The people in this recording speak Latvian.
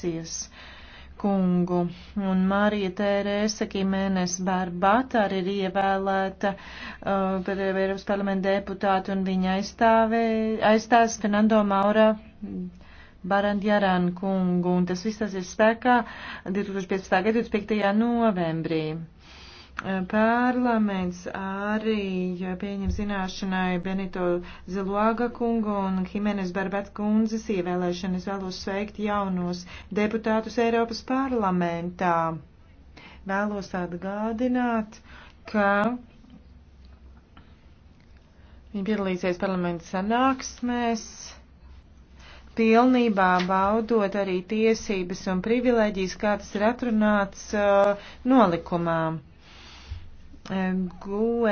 Francijas kungu. Un Marija Tērēsa Kimēnes Barbata arī ir ievēlēta uh, par Eiropas parlamenta deputātu un viņa aizstāvē, aizstās Fernando Maura Barandjaran kungu. Un tas viss tas ir spēkā 2015. gada 25. novembrī. Parlaments arī pieņem zināšanai Benito Ziloaga kungu un Himenes Barbat kundzes ievēlēšanu. Es vēlos sveikt jaunos deputātus Eiropas parlamentā. Vēlos atgādināt, ka viņi piedalīsies parlamenta sanāksmēs pilnībā baudot arī tiesības un privileģijas, kā tas ir atrunāts uh, nolikumā. GUE